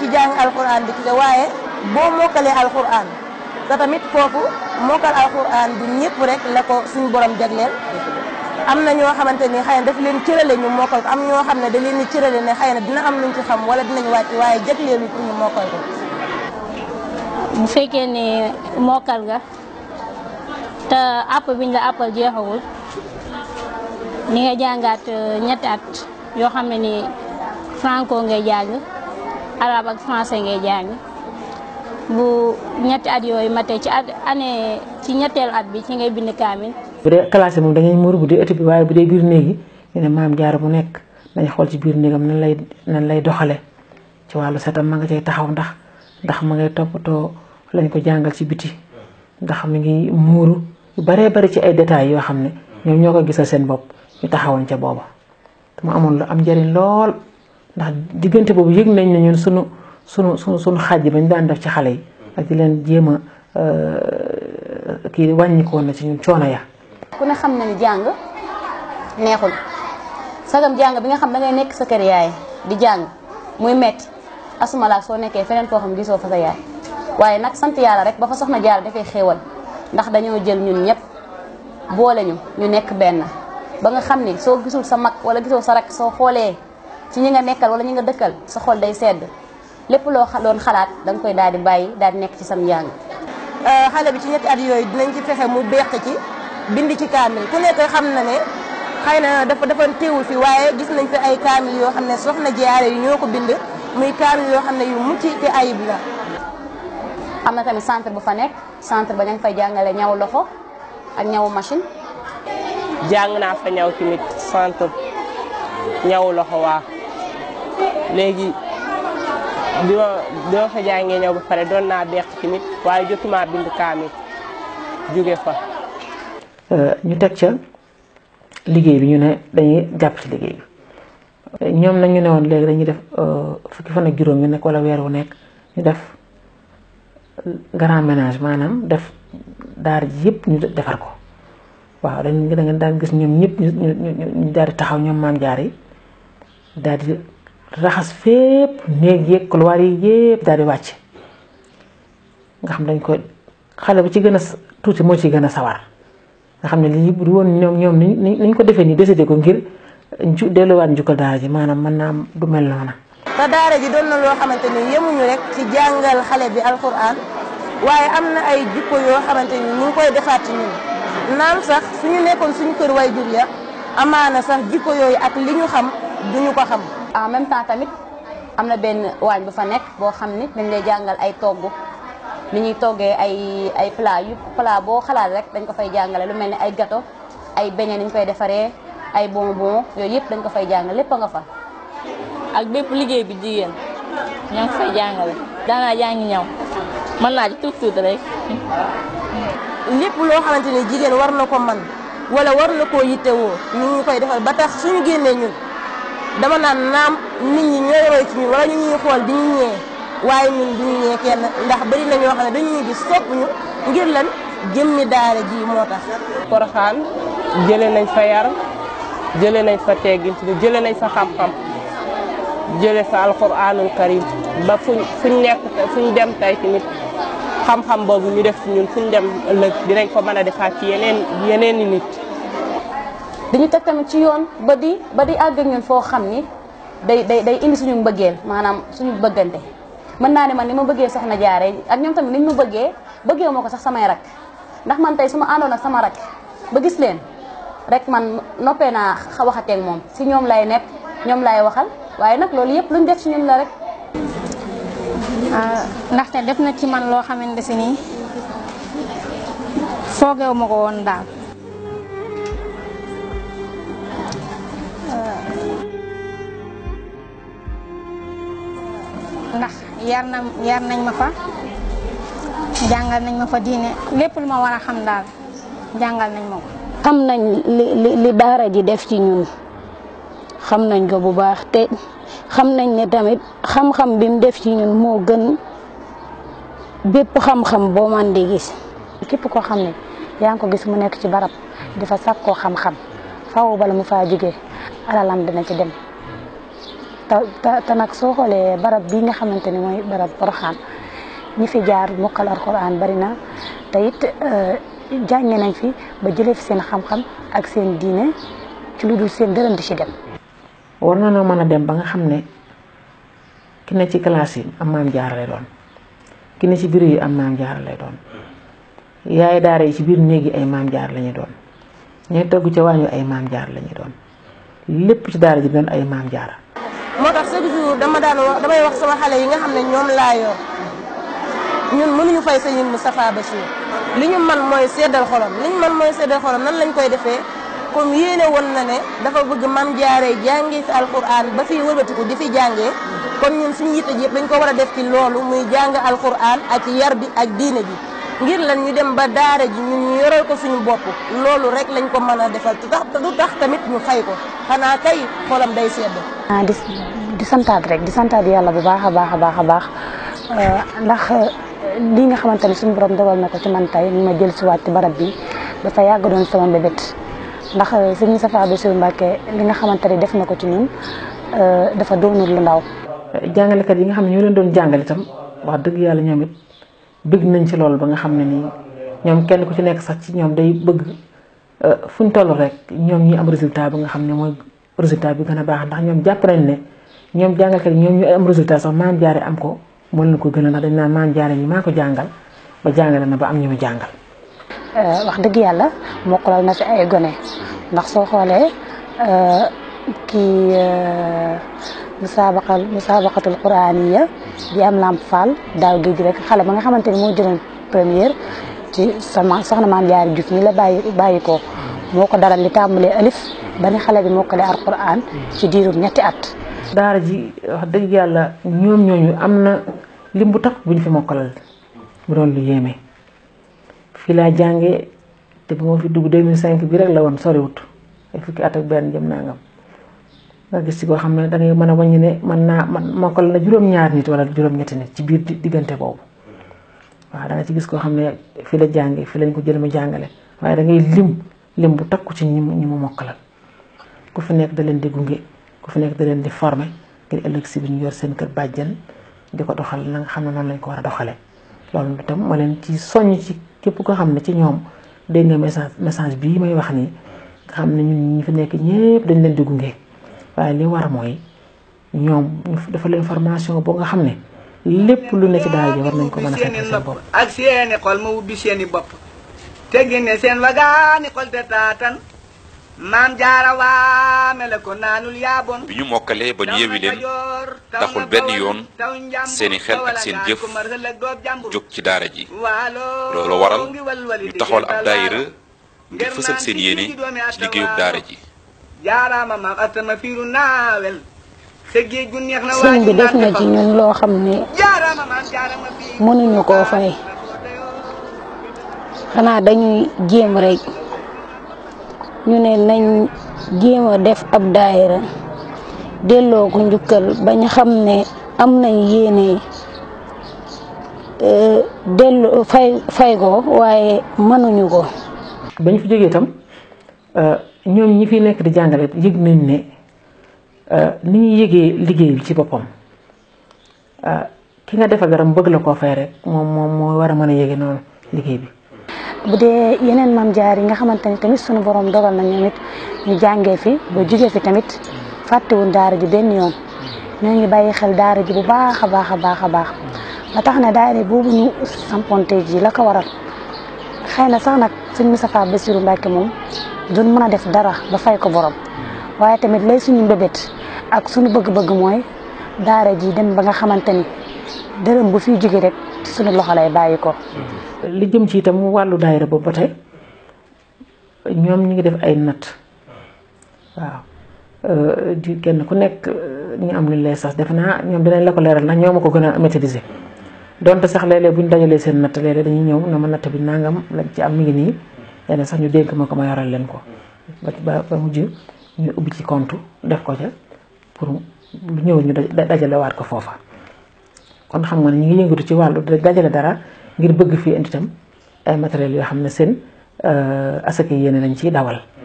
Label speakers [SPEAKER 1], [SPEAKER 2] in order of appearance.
[SPEAKER 1] ngi ci jàng alquran bi la waaye boo mokkalee alquran te tamit foofu mokkal alquran bi ñëpp rek la ko suñu borom jagleel. am na ñoo xamante ni xëy na daf leen cërale ñu mokkal ko am ñoo xam ne da leen ni ne xëy na dina am luñ ci xam wala dinañ wàcc waaye jagleelu pour ñu mokkal ko.
[SPEAKER 2] bu fekkee ne mokkal nga te àpp biñ la àppal jeexawul ni nga jàngaat uh, ñetti at yoo xam ne ni franco ngay jàng. arab ak français ngay jang bu ñet at yoy maté ci at année ci ñettel at bi ci ngay bind kamil
[SPEAKER 3] bu dé classé mom dañuy muur bu dé ëtt bi way bu dé bir néeg yi maam jaar bu nek dañ xol ci bir néegam nan lay nan lay doxalé ci walu sétam ma nga cay taxaw ndax ndax ma ngay toppatoo lañ ko jangal ci biti ndax mi ngi muuru yu bare bare ci ay détails yo xamné ne ñoko ñoo sen bop seen bopp ñu taxawoon ca booba lu am njëriñ lool. ndax diggante boobu yéeg nañ ne ñun sunu sunu sunu sunu xaaj yi ba ñu daan def ci xale yi ak di leen jéem a euh, kii wàññi ko na ci ñun coono ya
[SPEAKER 2] ku ne xam na ni jàng neexul sagam jàng bi nga xam da nekk sa kër di jàng muy metti asuma laak soo nekkee feneen foo xam gisoo fa sa yaay nag sant yàlla rek ba fa soxna jaar dafay xéewal ndax dañoo jël ñun ñëpp boole ñu ñu nekk benn ba nga xam ne soo gisul sa mag wala gisoo sa rak soo xoolee ci ñi nga nekkal wala ñi nga dëkkal sa xol day sedd lépp loo doon xalaat da koy daal di bàyyi daal di nekk ci sam njàng. Euh, xale bi ci ñetti at yooyu dinañ ci fexe mu beq ci bind ci kaamil ku nekk xam na ne xëy na
[SPEAKER 1] dafa dafa teewul fi gis nañ ay kaamil yoo xam ne soxna jaare yi ñoo ko bind muy kaamil yoo
[SPEAKER 2] xam ne yu mucc te ayib la. am na tamit centre bu fa nekk centre ba nga fay jàngale ñaw loxo ak ñawu machine.
[SPEAKER 1] jàng naa fa ñaw tamit centre ñawu loxo waa léegi bi ma bi ma fa jàngee ñëw ba pare doon naa deq tamit waaye jotuma bind kaamil jóge fa.
[SPEAKER 3] Euh, ñu teg ca liggéey bi ñu ne dañuy jàpp ci liggéey bi. ñoom nag ñu ne woon léegi dañuy def euh, fukki fan ne juróom yu nekk wala weer wu nekk ñu def grand ménage maanaam def daara ji yëpp ñu defar ko waaw dañu da ngeen daan gis ñoom ñëpp ñu ñu ñu daal di taxaw ñoom maam jaar yi raxas fépp néeg yeeg couloir yi yépp daal di nga xam dañ ko xale bu ci gën a tuuti moo ci gën a sawar nga xam ne lii bu woon ñoom ñoom ni ñu ko defee nii décidé ko ngir ju delluwaat njukkal daara ji maanaam mën naa du mel noona
[SPEAKER 1] te daara ji doon na loo xamante ni yemuñu rek ci jàngal xale bi alquran waaye am na ay jikko yoo xamante ni ñu ngi koy defaat ci ñun naam sax suñu nekkoon suñu kër waajur ya amaana sax jikko yooyu ak li ñu xam duñu ko xam
[SPEAKER 2] en même temps tamit am na benn waañ bu fa nekk boo xam ni dañ lay jàngal ay togg ni ñuy toggee ay ay plat yu boo xalaat rek dañ ko fay jàngale lu mel ni ay gato ay beignet ni ñu koy defaree ay bonbon yooyu yëpp dañ ko fay jàngale lépp a nga fa.
[SPEAKER 1] ak bépp liggéey bi jigéen ñoo ngi
[SPEAKER 2] jàngi ñaw man naa ci tuut tuut rek.
[SPEAKER 1] lépp loo xamante ni jigéen war na ko man wala war na koo yittewoo ñu koy defal ba tax suñu génnee ñun. dama naan naam nit ñi ñooy roy ci ñun wala ñu ñuy xool di ñu ñëwee waaye ñun du ñu ñëwee kenn ndax bëri na ñoo xam ne dañuy gis sopp ñu ngir lan jëmmi daara ji moo tax. Porokhane jëlee nañ fa yar jële nañ fa teggin jële nañ fa xam-xam jëlee fa alquranul karim ba fuñ fuñ nekk fuñ dem tey tamit xam-xam boobu ñu def ñun fuñ dem ëllëg dinañ ko mën a defaat ci yeneen yeneen nit.
[SPEAKER 2] di ñu teg tamit ci yoon ba di ba di àgg ak ñun foo xam ni day day day indi suñu mbëggeel maanaam suñu bëggante mën naa ne man ni ma bëggee na jaare ak ñoom tamit ni ñu ma bëggee bëggee ma ko sax samay rak ndax man tey su ma àndoon ak sama rak ba gis leen rek man noppee naa waxatee ak moom si ñoom lay nekk ñoom lay waxal waaye nag loolu yëpp luñ def si ñun la rek. Ah, ndaxte def na ci man loo xamante si ni
[SPEAKER 4] foogeewu ma ko woon daal.
[SPEAKER 2] ndax yar na yar nañ ma fa jàngal nañ ma fa diine lépp lu ma war a xam daal jàngal nañ ma ko
[SPEAKER 4] xam nañ li li daara ji def ci ñun xam nañ ko bu baax te xam nañ ne tamit xam-xam bi mu def ci ñun moo gën bépp xam-xam man di gis képp koo xam ne yaa ngi ko gis mu nekk ci barab xam-xam bala mu faa jógee alalam dina ci dem te te nag barab bi nga xamanteni moy barab qur'an ñi fi jaar mukal alquran bari na te eh, nañ fi ba jëlé fi seen xam-xam ak seen diiné ci lu dul seen
[SPEAKER 3] dërëm ci dem. war na na mëna dem ba nga xamné ne ki na ci classe yi am maam jaar lay doon ki na ci biir yi am maam jaar lay doon yaay daara yi ci biir neegi ay maam jaar lañu doon togg ci wañu ay maam jaar lañu doon lepp ci daara ji doon ay maam jaar.
[SPEAKER 1] moo tax chaque jour dama daan wax damay wax sama xale yi nga xam ne ñoom laa yor ñun mënuñu fay Serigne Moustapha Bachir li ñu man mooy seddal xolam li man mooy seddal xolam nan lañ koy defee comme yéene woon na ne dafa bëgg mam jaaree jàngi fi alquran ba fi wëlbatiku di fi jàngee kon ñun suñu yitte ji yëpp dañ ko war a def ci loolu muy jàng alquran ak yar bi ak diine bi ngir lan ñu dem ba daara ji ñu yoral ko suñu bopp loolu rek lañ ko mën a defal du tax tamit ñu fay ko xanaa kay xolam day sedd.
[SPEAKER 4] ah di di santaat rek di santaat yàlla bu baax a baax a baax a baax ah, ndax eh, lii nga xamante ne suñu borom dogal na ko ci man tey ma jël si ci barab bi dafa yàgg doon sama mbébét ndax sëñ eh, Safa Bassirou Mbacké
[SPEAKER 3] li nga xamante ne def na ko ci ñun eh, dafa doonul lu ndaw. jàngalekat yi nga xam ne ñoo leen doon jàngale itam wax dëgg yàlla ñoom bëgg nañ ci loolu ba nga xam ne nii ñoom kenn ku ci nekk sax ci ñoom day bëgg euh, fu ñu toll rek ñoom ñi am résultat ba nga xam ne mooy résultat bi gën a baax ndax ñoom jàpp nañ ne ñoom jàngalkat yi ñoom ñu sax maam jaare am ko moo leen ko gën a ndax dañ naan maam jaare ñi maa ko jàngal ba jàngale na ba am ñu mu jàngal.
[SPEAKER 4] Euh, wax dëgg yàlla mokkalal na fi ay gone ndax soo xoolee euh, kii. musabaqal musabaqatul qur'aniyya bi am lamp fall daaw géej rek xale ba nga Premier ni moo jëloon première ci sama soxna maam jaar Diouf mi la bàyyi bàyyi ko moo ko dalal li tàmbalee alif ba ni xale bi moo ko
[SPEAKER 3] lee alquran ci diirum ñetti at daara ji wax dëgg yàlla ñoom ñooñu am na lim bu tax buñ fi mokkalal mu doon lu yéeme fii laa jàngee te nga gis ci koo xam ne da ngay mën a wàññi ne mën naa man mokkal na juróom-ñaar nit wala juróom-ñetti nit ci biir diggante boobu waa da ci gis koo xam ne fi la jàngi fi lañ ko jël ma jàngale waaye da ngay lim lim bu takku ci ñi mu ñi mu mokkalal ku fi nekk da leen di gunge ku fi nekk da leen di forme ngir ëllëg si bi ñu yor seen kër bàjjan di ko doxal na xam ne noonu lañ ko war a doxalee loolu tam ma leen ci soññ ci képp koo xam ne ci ñoom dégg nga message message bii may wax nii nga xam ne ñun ñi fi nekk ñëpp dañ leen di gunge. waaye li war mooy ñoom ñu defal boo nga xam ne lépp lu ne ci ji war nañ ko mën a fekk
[SPEAKER 1] seen bopp ak seeni xol ma seeni bopp
[SPEAKER 4] seen wagaani xol te taatan maam jaara waame la ko naanul
[SPEAKER 3] yaabon bi ñu mokkalee ba ñu yewi leen taxul benn yoon seeni xel ak seen jëf jóg ci daara ji loolu waral
[SPEAKER 2] ñu taxawal ab daayira ngir fësal seen yéene ci liggéeyub daara ji
[SPEAKER 4] jaaraama maam astama fiiru naawel sa géej gu neex na sëñ bi def na ci ñun loo xam ne mënuñu koo fay xanaa dañuy jéem rek ñu ne nañ jéem a def ab daayira delloo ko njukkal bañ xam ne am nañ yéene
[SPEAKER 3] e, dellu fay fay ko waaye mënuñu ko bañ fi jógee tam e, ñoom ñi fi nekk di jàngale yëg nañ ne euh, ni ñuy yëgee liggéey bi ci boppam euh, ki nga defal garam bëgg la koo fay rek moom moom moo war a mën a yëge noonu liggéey bi. bu
[SPEAKER 4] dee yeneen maam jaar yi nga xamante ni tamit sunu borom dogal na ñoom it ñu jàngee fi ba jigee fi tamit fàttewul daara ji benn yoon ñoo ngi bàyyi xel daara ji bu baax a baax a baax a baax ba tax na daara boobu ñu samponte ji la ko waral xëy na sax nag suñu Moustapha Bassirou Mbacké moom. duñ mën a def dara ba fay ko boroom waaye tamit lay suñu mbébét ak suñu bëgg-bëgg mooy daara ji dem ba nga xamante ni
[SPEAKER 3] dërëm bu fiy jóge rek suñu loxo lay bàyyi ko. li jëm ci itam wàllu daayira boobu ba ñoom ñu ngi def ay natt waaw euh, di kenn ku nekk euh, ñu am lu lay sas defe naa ñoom dinañ la ko ndax ñoo ma ko gën a maîtriser. donte sax léeg-léeg bu ñu dajalee seen natt léeg dañuy ñëw na ma natt bi nangam lañ ci am mi ngi nii. yenn sax ñu dénk ma ko ma yoral leen ko ba ba mujj ñu ubbi ci compte def ko ca pour ñëw ñu dajale waat ko foofa kon xam nga ne ñu ngi yëngatu ci wàllu dajale dara ngir bëgg fii indi tam ay matériels yoo xam ne seen euh, asaka yéene lañ ciy dawal